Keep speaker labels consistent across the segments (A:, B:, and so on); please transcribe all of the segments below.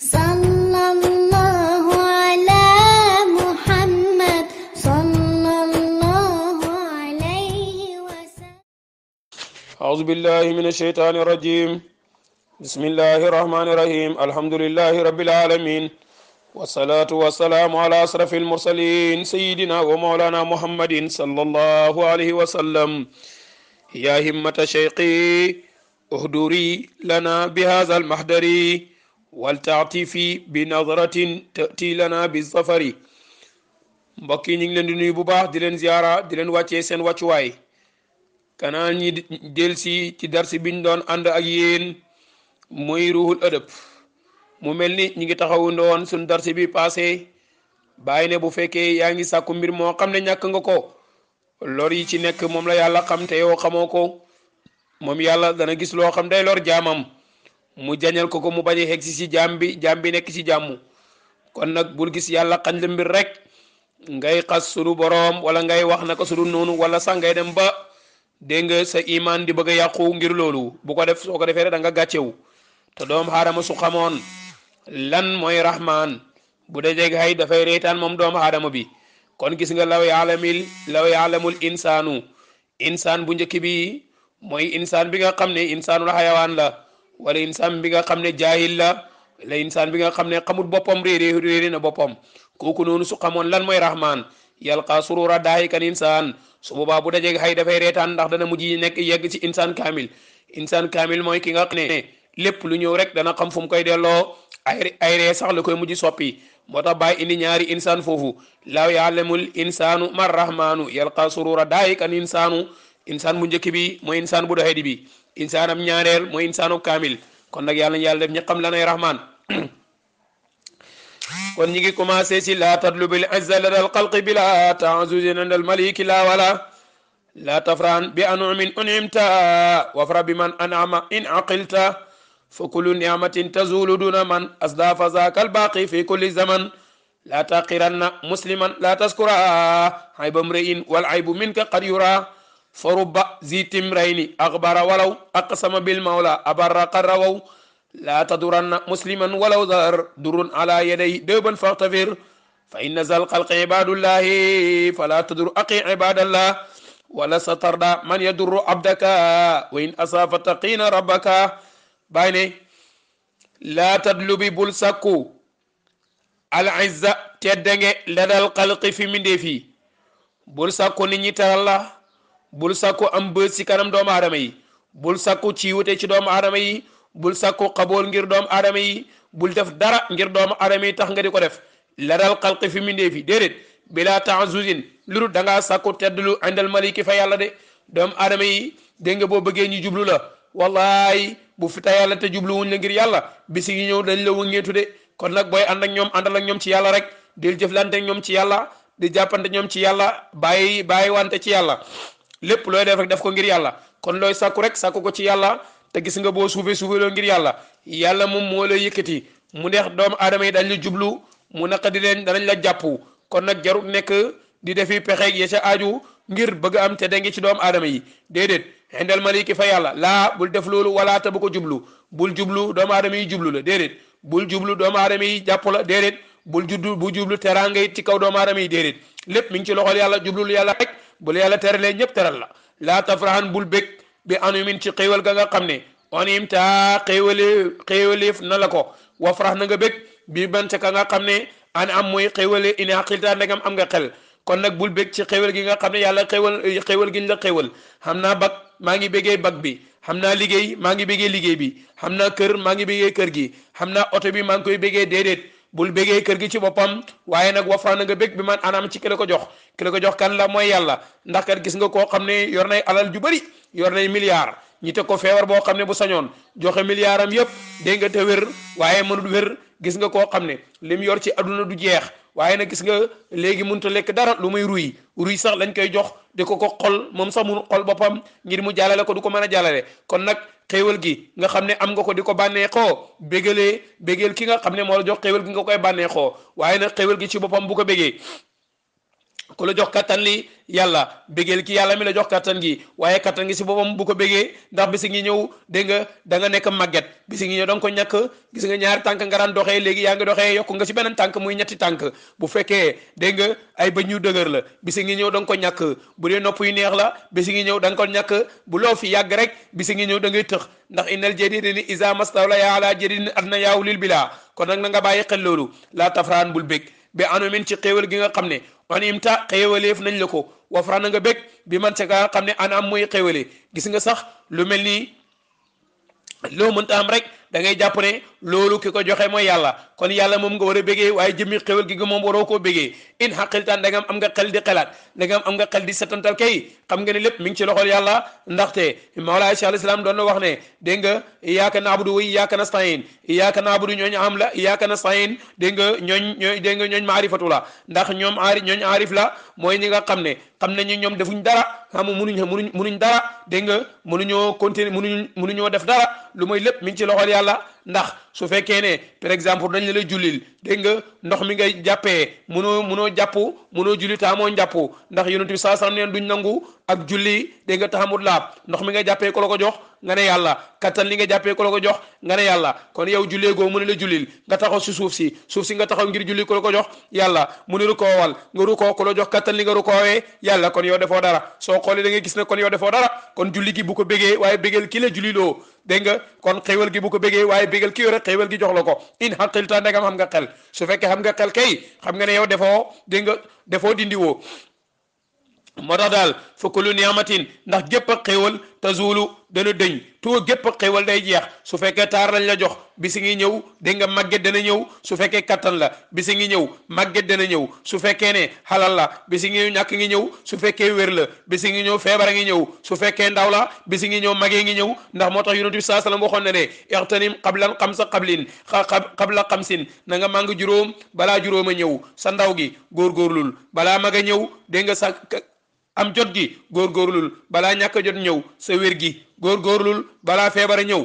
A: صلى الله على محمد صلى الله عليه وسلم أعوذ بالله من الشيطان الرجيم بسم الله الرحمن الرحيم الحمد لله رب العالمين والصلاة والسلام على أشرف المرسلين سيدنا ومولانا محمد صلى الله عليه وسلم يا همة شيقي اهدري لنا بهذا المحدري waltaatifi bi nadratin tati lana bi safari mbokk yi ñu ngi leen di nuyu bu baax di leen ziyaara di leen wàccee seen wàccuwaay kanaan ñi delsi ci darsi biñ doon ànd ak yéen muy ruhul ëdëb mu mel ni ñi ngi taxawu ndoon suñ darsi bi passé bàyyi ne bu fekkee yaa ngi sàkku mbir moo xam ne ñàkk nga ko lor yi ci nekk moom la yàlla xam te yow xamoo ko moom yàlla dana gis loo xam day lor jaamam mu jañal ko ko mu bañ a xeg si si jaam bi jaam bi nekk jàmm kon nag bul gis yàlla xañ la mbir rek ngay xas sunu borom wala ngay wax naka sunu noonu wala sax ngay dem ba dégg nga sa imaan di bëgg yàqu ngir loolu bu ko def soo ko defee da nga gàccewu te doom aadama su xamoon lan mooy rahmaan bu dajeg hay dafay reetaan moom doomu aadama bi kon gis nga law yaalamil law yaalamul insaanu insaan bu njëkk bi mooy insaan bi nga xam ne insaanul xayawaan la wala insaan bi nga xam ne jaahil la wala insaan bi nga xam ne xamul boppam réeré réeré na boppam kooku noonu su xamoon lan mooy rahmaan yalqa surura daahikan insaan su boobaa bu dajee xay dafay reetaan ndax dana mujj nekk yegg ci insaan kaamil insaan kaamil mooy ki nga xam ne lépp lu ñëw rek dana xam fu mu koy delloo ay sax la koy mujj soppi moo tax bàyyi indi ñaari insaan foofu laaw yaalamul insaanu mar rahmaanu yalqa surura daahikan insaanu insaan bu njëkk bi mooy insaan bu doxee di bi am ñaareel mooy insaanu kaamil kon nag yàlla yàlla def ñu xam lanay rahmaan kon ñi ngi commencé si laa tatlubil izza lada alxalqi bila taazuzin inda malik la wala la tafran bi anumin unimta wafra bi man anama in aqilta fa kullu niamatin tazulu duna man asdafa zaka albaqi fi kulli zaman la taqiranna musliman la taskura ayba mri'in wal aybu minka qad yura فرب زيت تمرين أخبر ولو أقسم بالمولى ابر قروا لا تدرن مسلما ولو ظهر در على يدي دوبا فاغتفر فإن زلق عباد الله فلا تدر أقي عباد الله ولا سترضى من يدر عبدك وإن أصاب تقين ربك بايني لا تدلبي بلسك العزة تدنج لدى القلق في من دفي بلسكو نيتا الله bul sàkku am bës ci kanam doomu aadama yi bul sàkku ciiwute ci doomu adama yi bul sàkku xabool ngir doom aadama yi bul def dara ngir doomu aadama yi tax nga di ko def la dal xalqi fi mindee fi déedéet bila taazuzin lu da ngaa sàkku teddlu indal maliki fa yàlla de doomu aadama yi dégg nga bëggee ñu jublu la wallaay bu fi ta yàlla te jublu wuñ la ngir yàlla bis yi ñëw dañ la wëngeetu de kon nag booy ànd ak ñoom àndal ak ñoom ci yàlla rek del jëflante ak ñoom ci yàlla di jàppante ñoom ci yàlla bàyyi bàyyi wante ci yàlla lépp looy def rek def ko ngir yàlla kon looy sàkku rek sàkku ko ci yàlla te gis nga boo suufee suufee loo ngir yàlla yàlla moom moo lay yëkkati mu neex doomu aadama yi dañ la jublu mu naqa di leen danañ la jàpp kon nag jarut nekk di defi pexeeg ya ca aaju ngir bëgg am te dengi ci doomu aadama yi déedéet xindal maliki fa yàlla laa bul def loolu wala bu ko jublu bul jublu doomu aadama yi jublu la déedéet bul jublu doomu aadama yi jàpp la déedéet bul juddu bu jublu teraanga yi ci kaw doomu aadama yi déedéet lépp mi ngi ci loxol yàlla jublul yàlla rek bu la yàlla teralee ñëpp teral la laa tafrahan bul bég bi anumin ci xéewal ga nga xam ne onim taa xéewale xéewaleef na la ko wafrax na nga bég bii ban ca ka nga xam ne an am mooy xéewale ina xaqiltaa ndegam am nga xel kon nag bul bég ci xéewal gi nga xam ne yàlla xéewal xéewal giñ la xéewal xam naa bag maa ngi béggee bag bi xam naa liggéey maa ngi béggee liggéey bi xam naa kër maa ngi béggee kër gi xam naa oto bi maa ngi koy béggee déedéet bul bégee kër gi ci boppam waaye nag wafaa na nga bég bi man anam ci ki ko jox ki ko jox kan la mooy yàlla ndax kat gis nga koo xam ne yor nay alal ju bëri yor nay milliard ñi teg ko feebar boo xam ne bu sañoon joxe milliard am yëpp dégg nga te wér waaye mënul wér gis nga koo xam ne lim yor ci aduna du jeex waaye nag gis nga léegi mënut a lekk dara lu muy ruy ruy sax lañ koy jox di ko ko xol moom sax munu xol boppam ngir mu jàllale ko du ko mën a jàllale kon nag xéewal gi nga xam ne am nga ko di ko bànneexoo bégalee bégeel ki nga xam ne moo jox xéewal gi nga koy bànneexoo waaye nag xéewal gi ci boppam bu ko bégee ku la jox kattan li yàlla bégeel ki yàlla mi la jox kattan gi waaye kattan gi si boppam bu ko bégee ndax bisi ngi ñëw dégg nga da nga nekk màgget bisi ngi ñëw da nga ko ñàkk ñaari tànk nga daan doxee léegi yaa ngi doxee yokku nga si beneen tànk muy ñetti tànk bu fekkee dégg nga ay bëñ yu dëgër la bisi ngi ñëw da nga bu dee nopp yu neex la bisi ngi ñëw da nga ko ñàkk bu loo fi yàgg rek bisi ngi ñëw da ngay tëx ndax innal jadida ni isa mastawla ya ala jadidin adna yaaw lil bila kon nag na nga bàyyi xel loolu laa tafraan bul bég bi anumin ci xewal gi nga xamne on imta xéewaleef nañ lako ko wafra na nga bek bi man ci nga xamne ana moy xewale gis nga sax lu melni lo mën ta am rek da jàpp ne loolu ki ko joxe mooy yàlla kon yàlla moom nga war a bégee waaye jëmmi xéwal gi nga moom waroo koo bégee in xaqiltaan da nga am nga xel di xelaat da nga am nga xel di setantal kay xam nga ne lépp mi ngi ci loxol yàlla ndaxte Mawlaay Cheikh al Islam doon na wax ne dégg nga iyaaka naabudu wa iyaaka nastain iyaaka naabudu ñooñ am la iyaaka nastain dégg nga ñooñ ñooñ dégg nga ñooñ maarifatu la ndax ñoom aari ñooñ aarif la mooy ñi nga xam ne xam nañu ñoom defuñ dara xam munuñ munuñ munuñ dara dégg nga mënuñoo continuer munuñ munuñoo def dara lu mooy lépp mi ngi ci loxol yàlla kala ndax su fekkee ne par exemple dañ la la jullil dégg nga ndox mi ngay jàppee mënoo mënoo jàpp mënoo julli taamoo njàpp ndax yonent bi saa sallam neen duñ nangu ak julli dégg nga taxamut laab ndox mi nga jàppee ko la ko jox nga ne yàlla kattan nga jàppee ko la ko jox nga ne kon yow jullee goo mu ne la jullil nga taxaw si suuf si suuf si nga taxaw ngir julli ko la ko jox yàlla mu ne rukoowal nga rukoo ko la jox kattan li nga rukoowee yàlla kon yow defoo dara soo xoolee da nga gis ne kon yow defoo dara kon julli gi bu ko bégee waaye bégeel ki la julliloo dégg kon xéwal gi bu ko bégee waaye bigal ki yore xewal gi jox lako in in xaqilta ndegam xam nga xel su fekke xam nga xel kay xam nga ne yow defo de nga defo dindi wo mo tax daal fa kullu niamatin ndax gépp a xéewal tazulu dana dëñ too gépp a xéewal day jeex su fekkee taar lañ la jox bisi ngi ñëw dégg nga màgget dana ñëw su fekkee kattan la bisi ngi ñëw màgget dana ñëw su fekkee ne xalal la bisi ngi ñàkk ngi ñëw su fekkee wér la bisi ngi ñëw feebar a ngi ñëw su fekkee ndaw la bisi ngi ñëw magee ngi ñëw ndax moo tax yonent bi saa salaam waxoon na ne ixtanim xablan xamsa xablin xabla xamsin na nga màng juróom balaa juróom a ñëw sa ndaw gi góorgóorlul balaa mag ñëw dégg nga sa am jot gi góor góorgóorlul balaa ñàkk a jot ñëw sa wér gi góor góorgóorlul balaa feebar a ñëw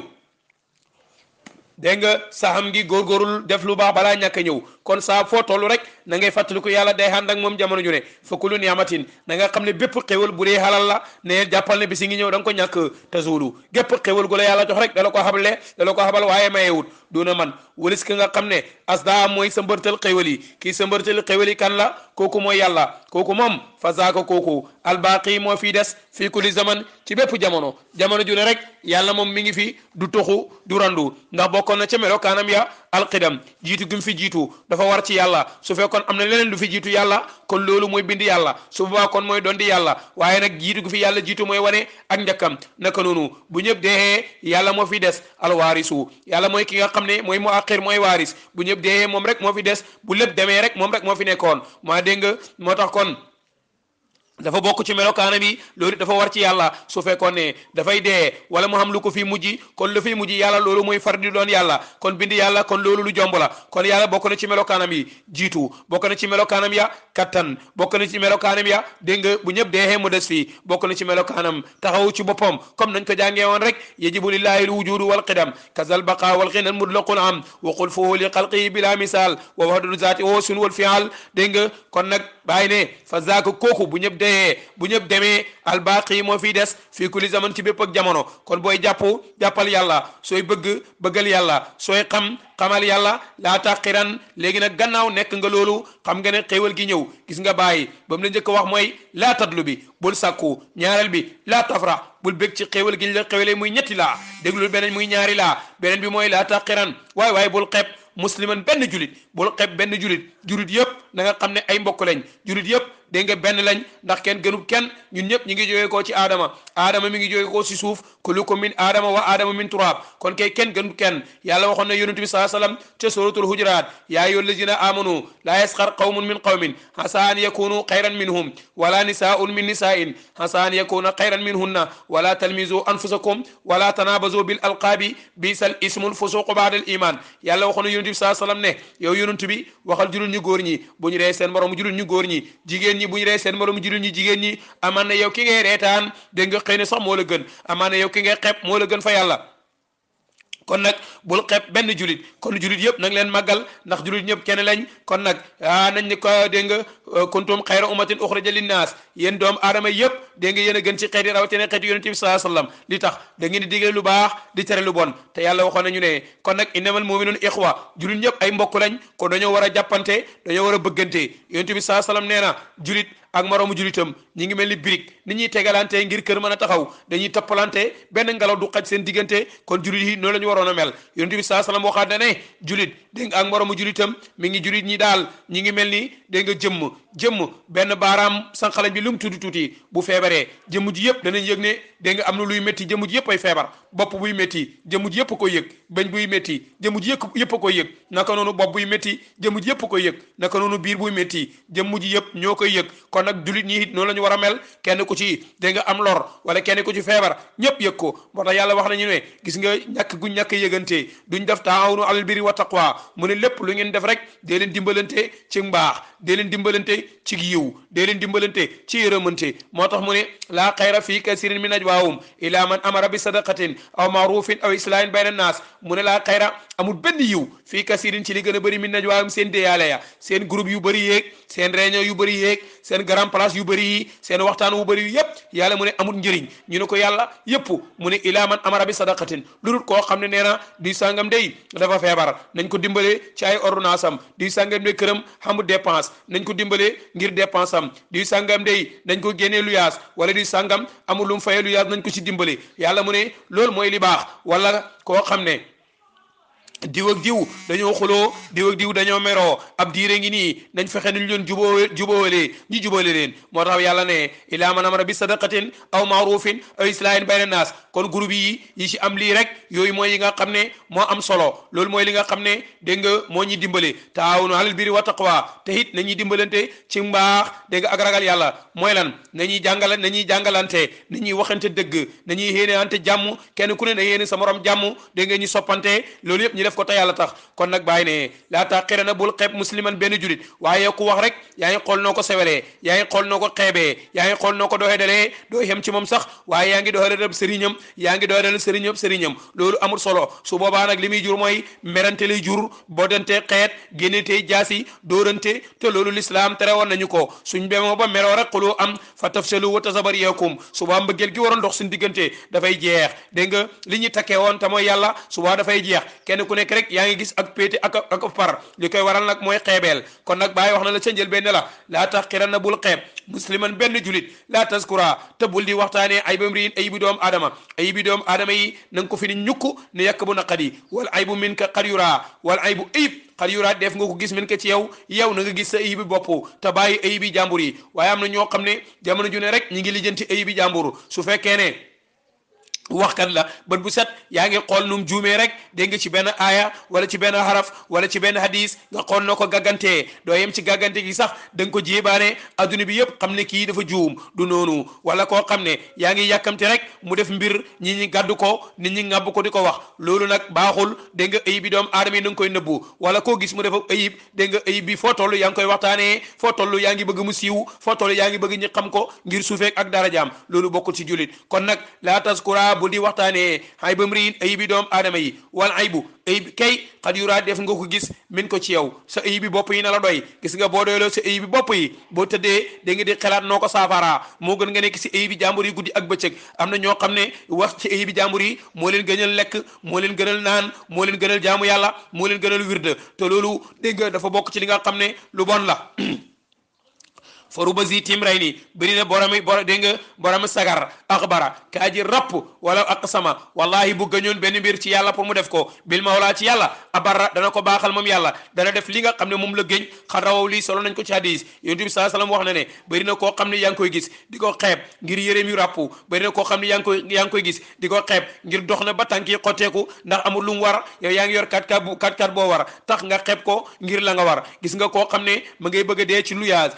A: dégg nga saxam gi góorgóorlul def lu baax balaa ñàkk a ñëw kon saa foo toll rek na ngay fàttaliku yàlla day ànd ak moom jamono ju ne fa kullu ni'matin na xam ne bépp xéwal bu dee la ne jàppal ne bisi ngi ñëw da nga ko ñàkk tasuulu gépp xéwal gu la yàlla jox rek dala ko xabale dala ko xabal waaye mayewut duna man walis ki nga xam ne asda mooy sa mbërtal xéwal yi kii sa mbërtal xéwal yi kan la kooku mooy yàlla kooku moom fa zaaka kooku albaqi moo fii des fii kulli zaman ci bépp jamono jamono ju ne rek yàlla moom mi ngi fi du toxu du randu ndax bokkoon na ca alqidam jiitu gi mu fi jiitu dafa war ci yàlla su fekkoon am na leneen lu fi jiitu yàlla kon loolu mooy bind yàlla su boobaa kon mooy doon yàlla waaye nag jiitu fi yàlla jiitu mooy wane ak njëkkam naka noonu bu ñëpp dee yàlla moo fi des alwaarisu yàlla mooy ki nga xam ne mooy mu àqir mooy waaris bu ñëpp dee moom rek moo fi des bu lépp demee rek moom rek moo fi nekkoon maa dégg nga moo tax kon dafa bokk ci melokaanam yi loolu dafa war ci yàlla su fekkoon ne dafay dee wala mu xam lu ko fi mujj kon lu fi mujj yàlla loolu mooy far di doon yàlla kon bind yàlla kon loolu lu jomb la kon yàlla bokk na ci melokaanam yi jiitu bokk na ci melokaanam ya kattan bokk na ci melokaanam ya dégg nga bu ñëpp deexee mu des fii bokk na ci melokaanam taxaw ci boppam comme nañ ko jàngee woon rek yajibu lillahi lwujudu walqidam kazal baqa walxinan mutlaqun am qul fuhu li bila misal wa wahdul zati wa sun wal fial dégg nga kon nag bàyyi ne fa kooku bu ñëpp dee bu ñëpp demee albaqi moo fiy des fii kulli zaman ci bépp ak jamono kon booy jàpp jàppal yàlla sooy bëgg bëggal yàlla sooy xam xamal yàlla laa taqiran léegi nag gannaaw nekk nga loolu xam nga ne xéewal gi ñëw gis nga bàyyi ba la njëkk wax mooy laa tadlu bi bul sàkku ñaareel bi laa tafra bul bëgg ci xéewal gi ñu la xéewalee muy ñetti laa déglul beneen muy ñaari laa beneen bi mooy laa taqiran waay waay bul xeeb musliman benn julit bul xeeb benn julit julit yëpp na nga xam ne ay mbokk lañ julit yëpp dégg nga benn lañ ndax kenn gënub kenn ñun ñëpp ñi ngi jógee koo ci aadama aadama mi ngi jógee koo si suuf kullukum min aadama wa aadama min turaab kon kay kenn gënub kenn yàlla waxoon na yonent bi sallallahu alayhi wa sallam ca suratul hujuraat yaa ayyuhal lazina amanu laa yasxar qawmun min qawmin asa an yakunu xayran minhum wala nisaa'un min nisaa'in asa an yakuna xayran minhunna wala talmizu anfusakum wala tanabazu bil alqaabi biisal ismul fusuqu baadal iman yàlla waxoon na yonent wa sallam ne yow yonent ñu góor ñi bu ñu jigéen ñi bu ñu rey seen moroom jullit ñi jigéen ñi amaan na yow ki ngay reetaan dégg nga xëy na sax moo la gën amaan na yow ki ngay xep moo la gën fa yàlla kon nag bul xeeb benn julit kon julit yëpp nag leen màggal ndax julit ñëpp kenn lañ kon nag a ah, nañ ni ko dégg nga kuntum xayra umatin uxrija linnaas yéen doom aadama yëpp dégg nga yéen a gën ci xeet yi rawatina xeet yonent bi sallallahu alayhi wasallam tax da ngeen di digle lu baax di tere lu bon te yàlla waxoon nañu ne kon nag innamal mu'minuuna ixwa julit ñëpp ay mbokk ko kon dañoo war a jàppante dañoo war a bëggante yonent bi sallallahu alayhi nee na julit ak moroomu julitam ñi ngi mel ni birig ni ñuy tegalante ngir kër mën a taxaw dañuy toppalante benn ngelaw du xaj seen diggante kon julit yi noonu la ñu waroon a mel yonent bi saa salaam waxaat na julit dégg nga ak moroomu julitam mi ngi julit ñi daal ñi ngi mel ni dégg nga jëmm jëmm benn baaraam sànqalañ bi lu mu tuuti tuuti bu feebaree jëmm ji yëpp danañ yëg ne dégg nga am na luy métti jëmm yëpp ay feebar bopp buy métti jëmm yëpp a koy yëg bañ buy métti jëmm ji yëpp a yëg naka noonu bopp buy métti jëmm ji yëpp koy yëg naka noonu biir buy métti jëmm ji yëpp ñoo koy yëg kon nag jullit ñi it noonu la ñu war a mel kenn ku ci dégg nga am lor wala kenn ku ci feebar ñëpp yëg ko moo tax yàlla wax nañu ne gis nga ñàkk gu ñàkk yëgante duñ def taawunu alal birri wa taqwa mu ne lépp lu ngeen def rek dee leen dimbalante ci mbaax dee leen dimbalante ci yiw dee leen dimbalante ci yërëmante moo tax mu ne laa xayra fii kasirin min najwaahum ilaa man amara bi sadaqatin aw maarufin aw islaahin bayna naas mu ne laa xayra amul benn yiw fii kasirin ci li gën a min najwaahum seen seen groupe yu bëri yéeg seen yu bëri yéeg seen grand place yu bëri yi seen waxtaan wu bëri yi yëpp yàlla mu ne amul njëriñ ñu ne ko yàlla yëpp mu ne ilaa man amara bi sadaqatin lu dul koo xam ne nee na di sàngam day dafa feebar nañ ko dimbalee ci ay ordonnance am di sàngam de këram xamu dépense nañ ko dimbale ngir dépense am di sangam day nañ ko génnee luyaas wala di sangam amul lu mu lu luyaas nañ ko ci dimbale yàlla mu ne loolu mooy li baax wala koo xam ne diw ak diw dañoo xuloo diw ak diw dañoo meroo ab diire ngi nii nañ fexe nuñ leen juboo jubóowalee ñu jubóole leen moo tax yàlla ne ilaa man amara bi sadaqatin aw maarufin aw islahin bayna naas kon groupe yi yi ci am lii rek yooyu mooy yi nga xam ne moo am solo loolu mooy li nga xam ne dégg nga moo ñuy dimbale taawunu alal birri wa taqwa te it nañuy dimbalante ci mbaax dégg nga ak ragal yàlla mooy lan nañuy jàngala nañuy jàngalante nañuy waxante dëgg nañuy yéeneante jàmm kenn ku ne na yéene sa morom jàmm dégg ñu soppante def ko te yàlla tax kon nag bàyyi ne laa taqirana bul xeeb musliman benn julit waaye ku wax rek yaa ngi xool noo ko sewelee yaa ngi xool noo ko xeebee yaa ngi xool noo ko doxee dalee doo xem ci moom sax waaye yaa ngi doxee dal sëriñam yaa ngi doxee dal sëriñam sëriñam loolu amul solo su boobaa nag li muy jur mooy merante lay jur boodante xeet génnante jaasi dóorante te loolu lislaam tere woon nañu ko suñ bemoo ba meroo rek xuloo am fa tafsalu wa tasabariyakum subaa mbëggeel gi waroon dox suñ diggante dafay jeex nga li ñu takkee woon te mooy yàlla subaa dafay jeex nekk rek yaa ngi gis ak péete ak ak far li koy waral nag mooy xeebeel kon nag bàyyi wax na la ca njël benn la laa tax xiran na bul xeeb musliman benn julit laa taskura te bul di waxtaanee ay bam riin ayibi doom aadama ayibi doom aadama yi na ko fi ni ñukk ne yàkk bu naqadi wala ay bu min ka xar yuraa wal ay bu ayib xar yuraa def nga ko gis min ka ci yow yow na nga gis sa ayibi bopp te bàyyi ayibi jàmbur yi waaye am na ñoo xam ne jamono ju ne rek ñi ngi lijjanti ayibi jàmbur su fekkee ne waxkat la bët bu set yaa ngi xool num juumee rek dégg nga ci benn aaya wala ci benn xaraf wala ci benn hadis nga xool noo ko gàggantee doo yem ci gàggante gi sax da nga ko jéebaane adduna bi yëpp xam ne kii dafa juum du noonu wala koo xam ne yaa ngi yàkkamte rek mu def mbir ñi ñi gàddu ko nit ñi ngàbb ko di ko wax loolu nag baaxul dégg nga ayib bi doomu aadama yi na nga koy nëbbu wala koo gis mu def ayib dégg nga ayib bi foo toll yaa ngi koy waxtaanee foo toll yaa ngi bëgg mu siiw foo toll yaa ngi bëgg ñi xam ko ngir suufeek ak dara darajaam loolu bokkul ci jullit kon nag laa taskura bul di waxtaanee ayibam riin ayibi doom aadama yi wal ayibu ayibi kay xad yuraa def nga ko gis min ko ci yow sa ayibi bopp yi na la doy gis nga boo doyloo sa ayibi bopp yi boo tëddee da nga di xalaat noo ko saafaraa moo gën nga nekk si ayibi jàmbur yi guddi ak bëccëg am na ñoo xam ne wax ci ayibi jàmbur yi moo leen gënal lekk moo leen gënal naan moo leen gënal jaamu yàlla moo leen gënal wirde te loolu dégg dafa bokk ci li nga xam ne lu bon la foru ba zi tim ray nii bëri na boromi bor dégg nga borom sagar axbara kaa ji rapp wala aqsama wallahi bu gëñoon benn mbir ci yàlla pour mu def ko bil mawlaa ci yàlla abarra dana ko baaxal moom yàlla dana def li nga xam ne moom la géñ xar rawaw lii solo nañ ko ci hadis yonent bi saa salaam wax na ne bëri na koo xam ne yaa ngi koy gis di ko xeeb ngir yëreem yu ràpp bëri na koo xam ne yaa ngi koy yaa ngi koy gis di ko xeeb ngir dox na ba tànk yi xotteeku ndax amul lu mu war yow yaa ngi yor kat kat bu kat kat boo war tax nga xeeb ko ngir la nga war gis nga koo xam ne ma ngay bëgg a ci luyaas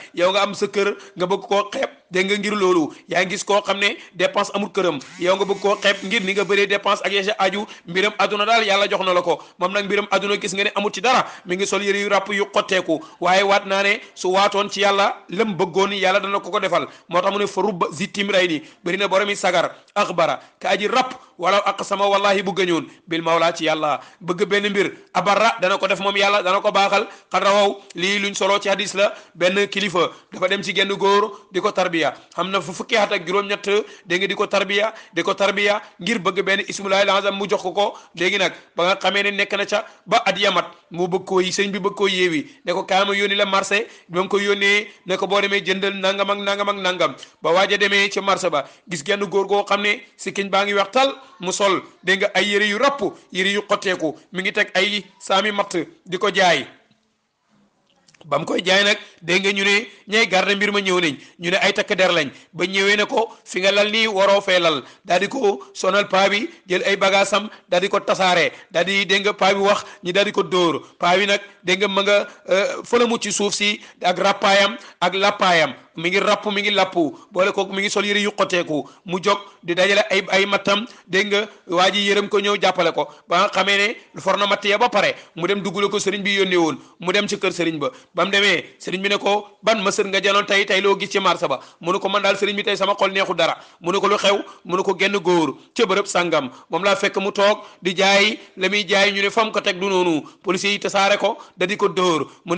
A: kër nga bëgg koo xeeb dégg nga ngir loolu yaa ngi gis koo xam ne dépense amul këram yow nga bëgg koo xeeb ngir ni nga bëree dépense ak yasa aju mbiram aduna daal yàlla jox na la ko moom nag mbiram aduna gis nga ne amul ci dara mi ngi sol yëre yu ràpp yu xotteeku waaye waat naa ne su waatoon ci yàlla lëm bëggoon yàlla dana ko ko defal moo tax mu ne fa rubba zittim ray ni bëri na boromi sagar wala ak sama wallahi bu gëñoon bil mawla ci yàlla bëgg benn mbir abarra dana ko def moom yàlla dana ko baaxal xad rawaw lii luñ solo ci hadis la benn kilifa dafa dem ci genn góor di ko tarbi tarbiya xam na fu fukki at ak juróom-ñett dégg nga di ko tarbiya de ko tarbiya ngir bëgg benn ismulaahil azam mu jox ko ko léegi nag ba nga xamee ne nekk na ca ba at yamat mu bëgg koo yi sëñ bi bëgg koo yeewi ne ko kaama yónni la marché ba nga ko yónnee ne ko boo demee jëndal nangam ak nangam ak nangam ba waaj a demee ca marché ba gis genn góor goo xam ne sikkiñ baa ngi wax tal mu sol dégg nga ay yëre yu rapp yëre yu xotteeku mi ngi teg ay saami matt di ko jaay bam koy jaay nak de nga ñu ne ñay garde mbir ma ñew nañ ñu ne ay tak der lañ ba ñewé ne ko fi nga lal ni waro fe lal dal di ko sonal pa bi jël ay bagasam dal di ko tasaré dal di de nga pa bi wax ñi dal di ko door pa bi nak de nga ma nga euh, fele mu ci suuf si ak rapayam ak lapayam mi ngi rapp mi ngi lapp boole kooku mi ngi sol yëre yu xoteeku mu jóg di dajale ay ay mattam nga waa ji ko ñëw jàppale ko ba nga xamee ne for na matt ya ba pare mu dem duggale ko sëriñ bi yónnee woon mu dem ci kër sëriñ ba ba mu demee sëriñ bi ne ko ban ma sër nga janoon tey tey loo gis ci marché ba mu ne ko man daal sëriñ bi tey sama xol neexu dara mu ne ko lu xew mu ne ko genn góor ca sàngam moom laa fekk mu toog di jaay la muy jaay ñu ko teg du noonu policiers ko da di ko dóor mu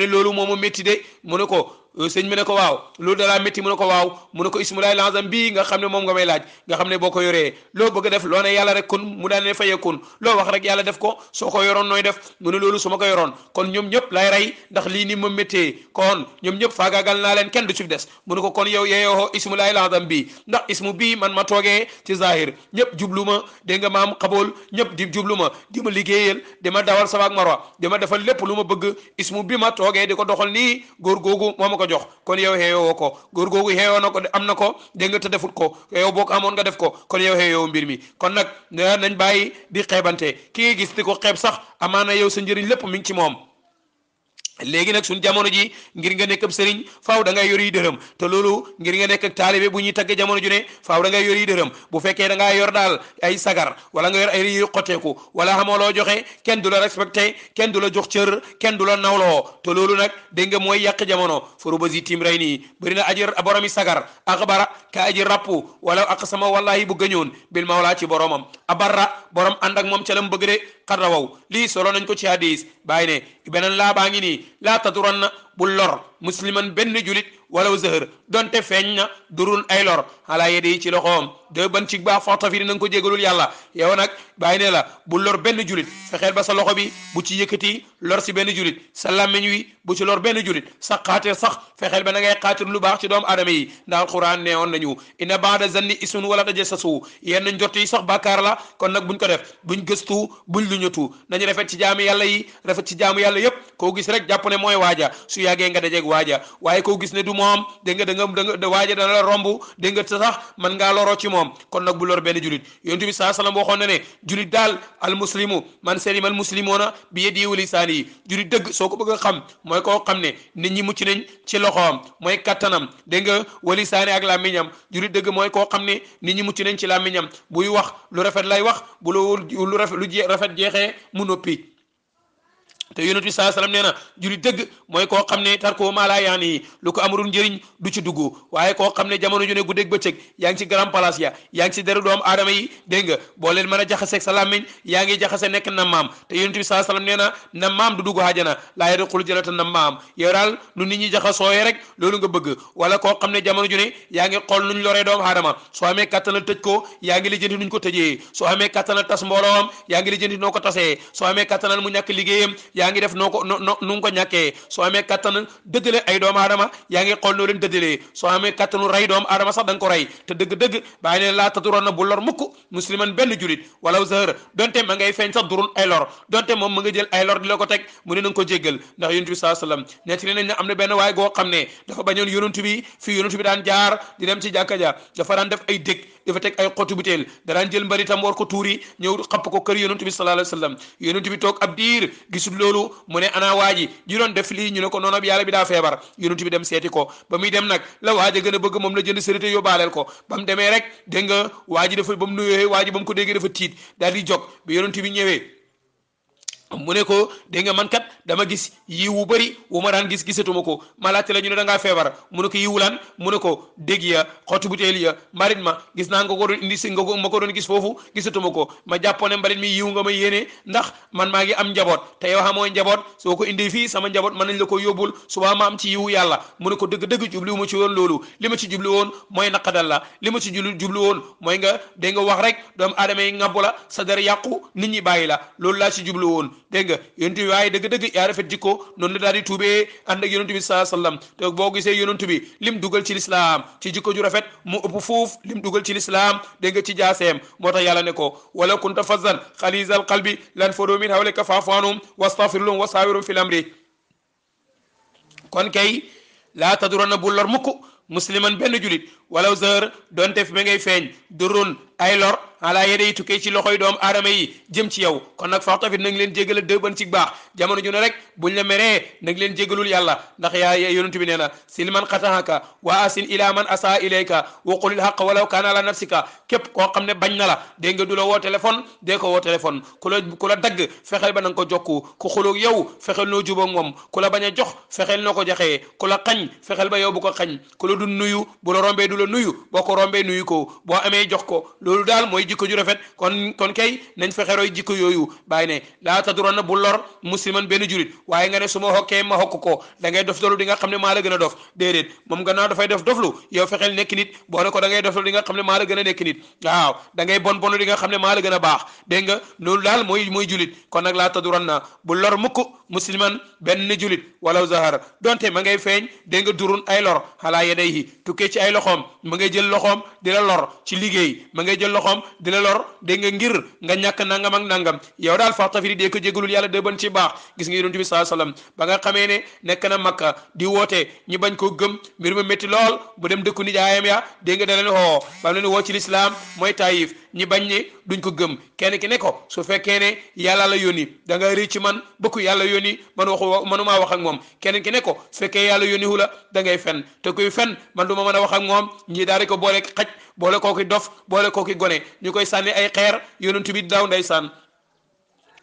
A: seigne bi ne ko waaw loolu dalaa métti mu ne ko waaw mu ne ko ismulaay lansam bii nga xam ne moom nga may laaj nga xam ne boo ko yoree loo bëgg def loo ne yàlla rek kon mu daal ne fayee kon loo wax rek yàlla def ko soo ko yoroon nooy def mu ne loolu su ma ko yoroon kon ñoom ñëpp lay rey ndax lii ni ma méttee kon ñoom ñëpp faagaagal naa leen kenn du ci des mu ne ko kon yow yeeyoo ismulaay lansam bii ndax ismu bii man ma toogee ci zahir ñëpp jublu ma dégg nga maam xabool ñëpp di jublu ma di ma liggéeyal di ma dawal sama ak marwa di ma defal lépp lu ma bëgg ismu bi ma toogee di ko doxal nii góor googu moo ma ko jox kon yow heyowo ko góor googu xeeyoo ko am na ko dégg nga te ko yow boo ko amoon nga def ko kon yow heyowo mbir mi kon nag nañ bayyi di xeebante ki gis di ko xeeb sax amana yow sa njëriñ lépp mi ci moom léegi nag suñ jamono ji ngir nga nekk ab sëriñ faaw da ngay yor yi dërëm te loolu ngir nga nekk ak taalibe bu ñuy tagg jamono ju ne faaw da ngay yor yi dërëm bu fekkee da yor daal ay sagar wala nga yor ay yu xoteeku wala xamoo loo joxe kenn du la respecté kenn du la jox cër kenn dula la nawloo te loolu nag dégg nga mooy yàq jamono forobasi tim ray nii bëri na aji boromi sagar akbara ka aji rapp wala ak sama wallahi bu gëñoon bil mawlaa ci boromam abarra borom ànd ak moom ca lam bëgg xat rawaw lii solo nañ ko ci hadis bàyyi ne beneen laa baa ngi nii laa taturanna bu lor musliman benn julit walaw zahër donte feeñ na durun ay lor xalaa yedi ci loxoom de ban ci baax fantafi ni na nga ko jégalul yàlla yow nag bàyyi ne bu lor benn julit fexeel ba sa loxo bi bu ci yëkkati lor si benn julit sa làmmiñ wi bu ci lor benn julit sa xaatir sax fexeel ba na ngay xaatir lu baax ci doomu aadama yi ndax alquran ne woon nañu inna baada zanni isun wala tajassasu yenn njort yi sax bàkkaar la kon nag buñ ko def buñ gëstu buñ lu ñëtu nañu rafet ci jaamu yàlla yi rafet ci jaamu yàlla yépp koo gis rek jàpp ne mooy waaja su yàggee nga dajeeg waaja waaye koo gis ne du moom da nga da nga waaja dana la romb dégg nga sax mën moom kon nag bu lor benn julit yonent bi saa salaam waxoon na ne julit daal al muslimu man salima al muslimoona bi yadihi wa yi julit dëgg soo ko bëgg xam mooy koo xam ne nit ñi mucc nañ ci loxoom mooy kattanam dégg nga wa lisaani ak làmmiñam julit dëgg mooy koo xam ne nit ñi mucc nañ ci làmmiñam buy wax lu rafet lay wax bu lu rafet lu rafet jeexee mu noppi te yonent bi saa salaam nee na dëgg mooy koo xam ne tarko maa laa yaan yi lu ko amarul njëriñ du ci dugg waaye koo xam ne jamono ju ne guddeeg bëccëg yaa ngi ci grand place ya yaa ngi doom aadama yi dégg nga boo leen mën a jaxaseeg sa làmmiñ yaa ngi jaxase nekk na maam te yonent bi saa salaam nee na na maam du dugg xaajana laa yadxulu jannata na maam yow daal lu nit ñi jaxasooyee rek loolu nga bëgg wala koo xam ne jamono ju ne yaa ngi xool nu nuñ loree doom aadama soo amee kattanal tëj ko yaa ngi lijjanti nuñ ko tëjee soo amee kattanal tas mbooloom yaa ngi lijjanti noo ko tasee soo amee kattanal mu ñàkk liggéeyam yaa ngi def noo ko no no nu ko ñàkkee soo amee kattan dëddale ay doom adama yaa ngi xool noo leen dëddalee soo amee kattanu rey doomu aadama sax da nga ko rey te dëgg-dëgg bàyyi ne laa taturoon na bu lor mukk musliman benn julit walaw zahër donte ma ngay feeñ sax durul ay lor donte moom ma nga jël ay lor di la ko teg mu ne na ko jéggal ndax yonent bi saa sallam ñett li nañ ne am na benn waay goo xam ne dafa bañoon yonent bi fii yonent bi daan jaar di dem ci jàkka ja dafa daan def ay dég dafa teg ay xottu butéel daraan jël mbari tam war ko tuuri ñëw xapp ko kër yonent bi sallallahu alayhi wa sallam yonent bi toog ab diir gisul loolu mu ne ana waaji ji doon def lii ñu ne ko noonu yàlla bi daa feebar yonent bi dem seeti ko ba muy dem nag la waaja gën a bëgg moom la jënd sérité yóbbaaleel ko ba mu demee rek dégg nga waaji dafa ba mu nuyoo waaji ba mu ko déggee dafa tiit daal di jog bi yonent bi ñëwee mu ne ko dégg man kat dama gis yi wu bëri wu ma daan gis gisatuma ko ma laajte la ñu ne da ngaa feebar mu ne ko yiwu lan mu ne ko dégg ya xottu butéeli ya mbalit ma gis naa nga ko indi si nga ko ma ko doon gis foofu gisatuma ko ma jàppoone ne mbalit mi yiwu nga ma yéene ndax man maa ngi am njaboot te yow xamoo njaboot soo ko indee fii sama njaboot man nañ la ko yóbbul subaa ma am ci yiwu yàlla mu ne ko dëgg-dëgg jubli wu ma ci woon loolu li ma ci jubli woon mooy naqadal la li ma ci jubli jubli woon mooy nga dégg nga wax rek doomu aadama yi ngabbu la sa dara yàqu nit ñi bàyyi la loolu laa ci jubli woon dégg nga yonent waaye dëgg-dëgg yaa rafet jikko noonu la daal di tuubee ànd ak yonent bi saa te boo gisee yonent bi lim dugal ci lislaam ci jikko ju rafet mu ëpp fuuf lim dugal ci lislaam dégg nga ci jaaseem moo tax yàlla ne ko wala kunta fazzan xaliizal qalbi lan fadoo min hawlika faafu anhum wastaghfir lahum wa saawirum fil amri kon kay laa taduranna bu lor mukk musliman benn julit walaw zër donte fi ma ngay feeñ durun ay ala yeday tukkee ci loxoy doom aadama yi jëm ci yow kon nag faxtafit na nga leen jégal dë ban ci baax jamono ju ne rek buñ la meree na nga leen jégalul yàlla ndax yaa yonent bi nee na silman xataaka wa asin ila man asa ilayka wa qulil haqq walaw kaana ala nafsika képp koo xam ne bañ na la dégg nga du la woo téléphone de ko woo téléphone ku la ku la dagg fexeel ba na nga ko jokku ku xuloog yow fexeel noo jubóog moom ku la bañ a jox fexeel noo ko joxee ku la xañ fexel ba yow bu ko xañ ku la du nuyu bu la rombee du la nuyu boo ko rombee nuyu ko boo amee jox ko jikko ju rafet kon kon kay nañ fexe roy jikko yooyu bàyyi ne laa taduranna bu lor musliman benn julit waaye nga ne su ma xokkee ma xokk ko da ngay dof dolu di nga xam ne maa la gën a dof déedéet moom naa dafay dof doflu yow fexeel nekk nit boo ne ko dangay ngay dof dolu nga xam ne maa la gën a nekk nit waaw da ngay bon bonu nga xam ne maa la gën a baax dégg nga loolu daal mooy mooy julit kon nag laa taduranna bu lor mukk musliman benn julit wala zahar donte ma ngay feeñ dégg nga durun ay lor xalaa yedey yi tukkee ci ay loxoom ma ngay jël loxoom di la lor ci liggéey ma ngay jël loxoom di la lor dégg nga ngir nga ñàkk nangam ak nangam yow daal faxtafiri dee ko jégalul yàlla de ban ci baax gis nga yonent bi saa sallam ba nga xamee ne nekk na makka di woote ñu bañ koo gëm mbir ma métti lool bu dem dëkku nijaayam ya dégg nga da leen xoo ba leen woo ci lislaam mooy taayif ñi bañ ne duñ ko gëm kenn ki ne ko su fekkee ne yàlla la yónni da nga rëy ci man bëkku yàlla yónni man waxu manumaa wax ak moom kenn ki ne ko su fekkee yàlla yónni hu la da fen te kuy fen man du ma mën a wax ak moom ñii daal di ko booleeg xaj boole kooki dof boole kooki gone ñu koy sànni ay xeer yonentu bi daaw nday saan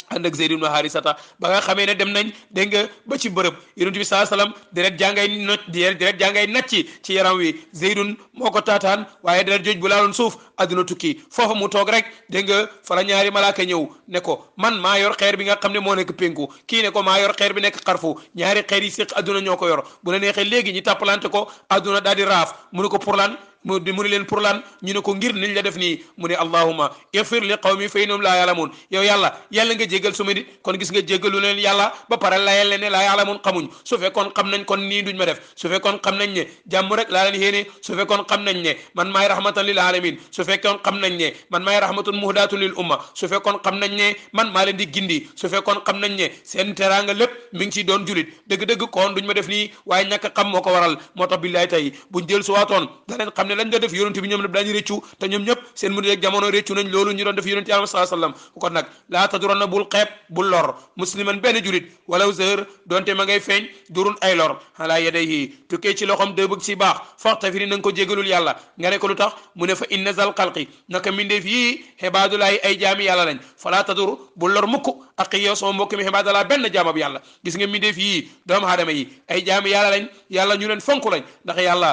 A: ànd ak Zeyd ibnu Harisata ba nga xamee ne dem nañ dégg nga ba ci bërëb yonent bi saa salaam deret jàngay noc deret jàngay nacc ci yaram wi Zeydun moo ko taataan waaye deret jooj bu laaloon suuf àdduna tukki foofa mu toog rek dégg nga fara ñaari malaaka ñëw ne ko man maa yor xeer bi nga xam ne moo nekk penku kii ne ko maa yor xeer bi nekk xarfu ñaari xeer yi séq àdduna ñoo ko yor bu la neexee léegi ñi tàppalante ko àdduna raaf mu ne ko pour lan di mu ne leen pour lan ñu ne ko ngir niñ la def nii mu ne allahuma ifir li qawmi fa innahum la ya'lamun yow yalla yalla nga jéggal suma nit kon gis nga jéggalu leen yalla ba pare la yalla ne la ya'lamun xamuñ su fe kon xam nañ kon nii duñ ma def su fe kon xam nañ ne jàmm rek la leen yéene su fe kon xam nañ ne man may rahmatan lil alamin su fe kon xam nañ ne man may rahmatun muhdatun lil umma su fe kon xam nañ ne man ma leen di gindi su fe kon xam nañ ne seen teranga lepp mi ngi ci doon julit deug deug kon duñ ma def nii waye ñaka xam moko waral motax billahi tay buñ jël suwaton da leen xam xam ne lañ doon def yonent bi ñoom lépp daañu réccu te ñoom ñëpp seen mu dee jamono réccu nañ loolu ñu doon def yonent yàlla saa sallam kon nag laa taduranna bul xeeb bul lor musliman benn julit walaw zër donte ma ngay feeñ durun ay lor ala yadayhi tukkee ci loxom de bëgg si baax faxtafiri na nga ko jégalul yàlla nga ne ko lu tax mu ne fa inna zal xalqi naka mindeef yii xebaadulaay ay jaami yàlla lañ falaa tadur bul lor mukk ak yow sama mbokk mi xebaadalaa benn jaamab yàlla gis nga mindeef yii doomu aadama yi ay jaami yàlla lañ yàlla ñu leen fonk lañ ndax yàlla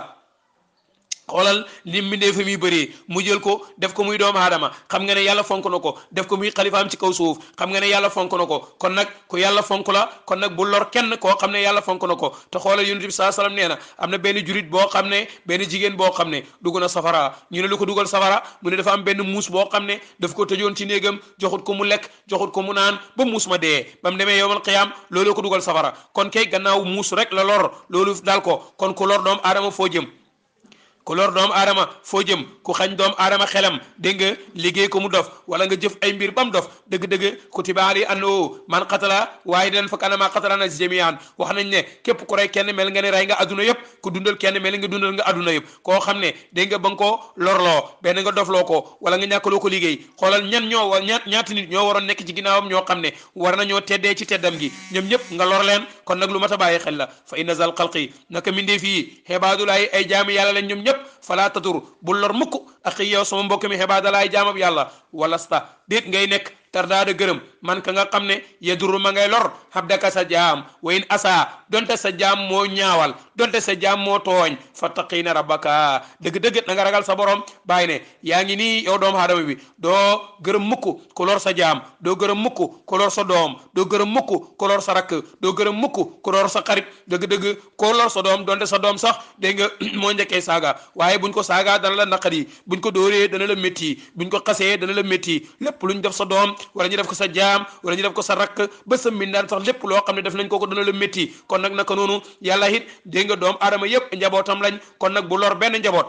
A: xoolal lim mbindeefam yi bëree mu jël ko def ko muy doomu aadama xam nga ne yàlla fonk na ko def ko muy xalifaam ci kaw soof xam nga ne yàlla fonk na ko kon nag ko yàlla fonk la kon nag bu lor kenn koo xam ne yàlla fonk na ko te xoolal yonent bi saa salaam nee na am na benn jurit boo xam ne benn jigéen boo xam ne dugg na safara ñu ne lu ko dugal safara mu ne dafa am benn muus boo xam ne daf ko tëjoon ci néegam joxut ko mu lekk joxut ko mu naan ba muus ma dee ba mu demee yowmal qiyaam loolu ko dugal safara kon kay gannaaw muus rek la lor loolu daal ko kon ko lor doom aadama foo jëm ku lor doomu aadama foo jëm ku xañ doomu aadama xelam dégg nga liggéey ko mu dof wala nga jëf ay mbir ba mu dof dëgg-dëgg kutiba alayhi annahu man qatala waahidan fakaannamaa qatala naas jamii'an wax nañ ne képp ku kenn mel nga ne rey nga adduna yëpp ku dundal kenn mel nga dundal nga adduna yëpp koo ko wala nga ñàkkaloo ko liggéey xoolal ñan ñoo war ñaat ñaati nit ñoo waroon nekk ci ginnaawam ñoo xam ne war nañoo teddee ci teddam ñoom a bàyyi xel la fa inna zal xalqi naka mindee fii xebaadulaay ñoom yëpp falaa tadur bu lor mukk ak yow sama mbokk mi xebaa dalaay jaamab yàlla walasta déet ngay nekk tardaada gërëm man ka nga xam ne yeduru ma ngay lor habdaka sa jaam wa in asa donte sa jaam moo ñaawal donte sa jaam moo tooñ fattaqiina rabbaka dëgg-dëgg na nga ragal sa borom bàyyi ne yaa ngi nii yow doomu bi doo gërëm mukk ku lor sa jaam doo gërëm mukk ku lor sa doom doo gërëm mukk ku sa rakk doo gërëm mukk ku sa xarit dëgg-dëgg ku sa doom donte sa doom sax dégg nga moo njëkkee saaga waaye buñ ko saaga dana la naqari buñ ko dóoree dana la métti buñ ko xasee dana la métti lépp luñ def sa doom wala ñu def ko sa jaam wala ñu def ko sa rakk ba sa mbindaan sax lépp loo xam ne def nañ ko ko dana la métti kon nag naka noonu yàlla it dégg nga doom aadama yëpp njabootam lañ kon nag bu loor benn njaboot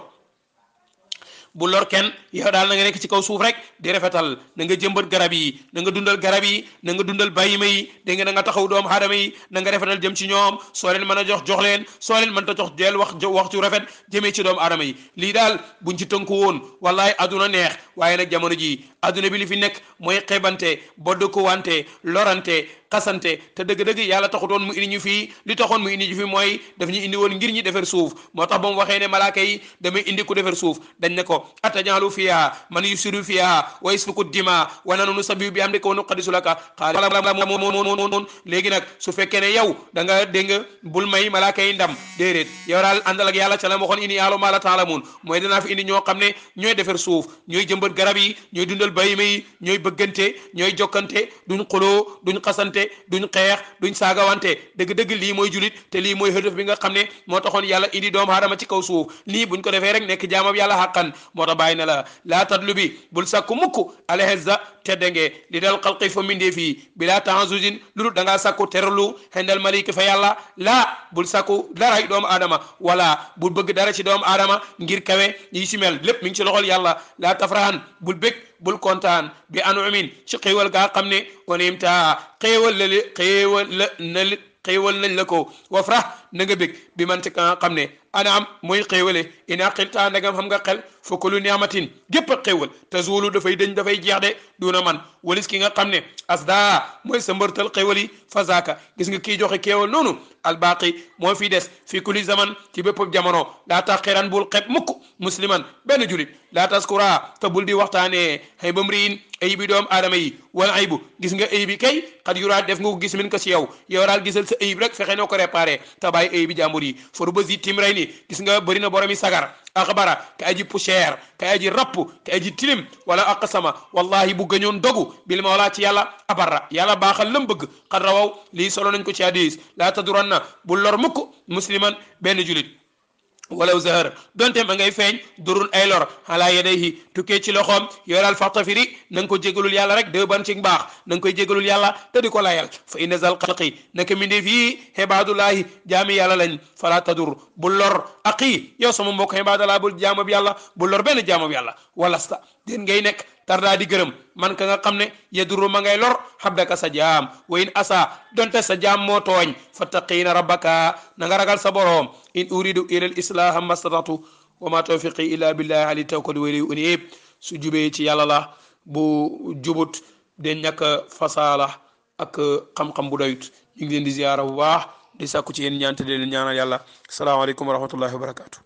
A: bu lor kenn yow daal na nga nekk ci kaw suuf rek di rafetal na nga jëmbat garab yi na dundal garab yi na nga dundal bàyyima yi dégg nga na nga taxaw doomu aadama yi na nga rafetal jëm ci ñoom sooleen leen mën a jox jox leen soo leen mën ta jox jël wax wax ci rafet jëmee ci doomu aadama yi lii daal buñ ci tënku woon wallaay aduna neex waaye nag jamono ji aduna bi li fi nekk mooy xebante bodd ko wante lorante xasante te dëgg-dëgg yàlla taxutoon mu suuf ku defar suuf dañ ne ko atajalu fiha man yusiru fiha wa yasfiku dima wa nanu nusabbihu bi hamdika wa nuqaddisu laka xaalamoon léegi nag su fekkee ne yow da nga dégg nga bul may malaaka yi ndam déedéet yow daal àndal ak yàlla ca la waxoon ini yaalu maa la taalamuun mooy danaa fi indi ñoo xam ne ñooy defar suuf ñooy jëmbat garab yi ñooy dundal bayima ñooy bëggante ñooy jokkante duñ xuloo duñ xasante dimbalante duñ xeex duñ saagawante dëgg-dëgg lii mooy julit te lii mooy xëdëf bi ne moo taxoon yàlla indi doomu aadama ci kaw suuf lii buñ ko defee rek nekk jaamab yàlla xàqan moo tax bàyyi la laa tatlu bi bul sàkku mukk alhezza tedde nge li dal xalqi fa fi fii bilaa tahazujin lu dul da ngaa sàkku teralu xendal maliki fa yàlla laa bul sàkku dara ci doomu aadama wala bul bëgg dara ci doomu aadama ngir kawe yi si mel lépp mi ngi laa tafrahan bul bëgg بول كونتان بي انومين شي قيول غا خمني قيول ل قيول للي قيول نلكو وفرح na nga bég bi man ci ka xam ne ana am mooy xéewale ina xiltaa ndagam xam nga xel fukkalu niamatin gépp a xéewal te zuulu dafay dëñ dafay jeex de duuna man walis ki nga xam ne asda mooy sa mbërtal xéewal yi fasaka gis nga kii joxe kéewal noonu albaqi moo fi des fi kulli zaman ci bépp jamono laa tax xiran bul xeb mukk musliman benn julit laa taskura te bul di waxtaanee xëy bam riin ayibi doom aadama yi wala ayibu gis nga ayibi kay xat yuraat def nga ko gis min ko si yow yow daal gisal sa ayib rek fexe noo ko réparé te bàyyi bàyyi ay bi jàmbur yi for basi timray ni gis nga bëri na boromi sagar axbara ka aji poussière ka aji rapp ka aji tilim wala aqsama wallahi bu gëñoon dogu bil mawla ci yàlla abarra yàlla baaxal lam bëgg xad rawaw lii solo nañ ko ci hadis laa taduranna bu lor musliman benn julit walaw zahar donte ma ngay feeñ durun ay lor ala yadayhi tukkee ci loxoom yoral faxtafiri na nga ko jégalul yàlla rek deux ban ci mbaax na nga koy jégalul yàlla te di ko layal fa inna zal xalqi naka mindeef yi xibaadullaahi jaami yàlla lañ fala tadur bu aqi yow sama mbokk xibaadalaa bul jaamab yàlla bu lor benn jaamab yàlla walasta den ngay nekk tardaa di gërëm man ka nga xam ne yaduru ma ngay lor xabdaka sa jaam wa in asa donte sa jaam moo tooñ fattaqiina rabbaka na nga ragal sa boroom in uridu ila l islaha mastatatu wa ma tawfiqi illa billahi ali tawkal wa ilayhi unib su jubee ci yàlla la bu jubut de ñàkk fasala ak xam-xam bu doyut ñu ngi leen di ziyaara bu baax di sàkku ci yéen ñaante de leen ñaanal yàlla salaamaaleykum wa rahmatullahi wa barakaatu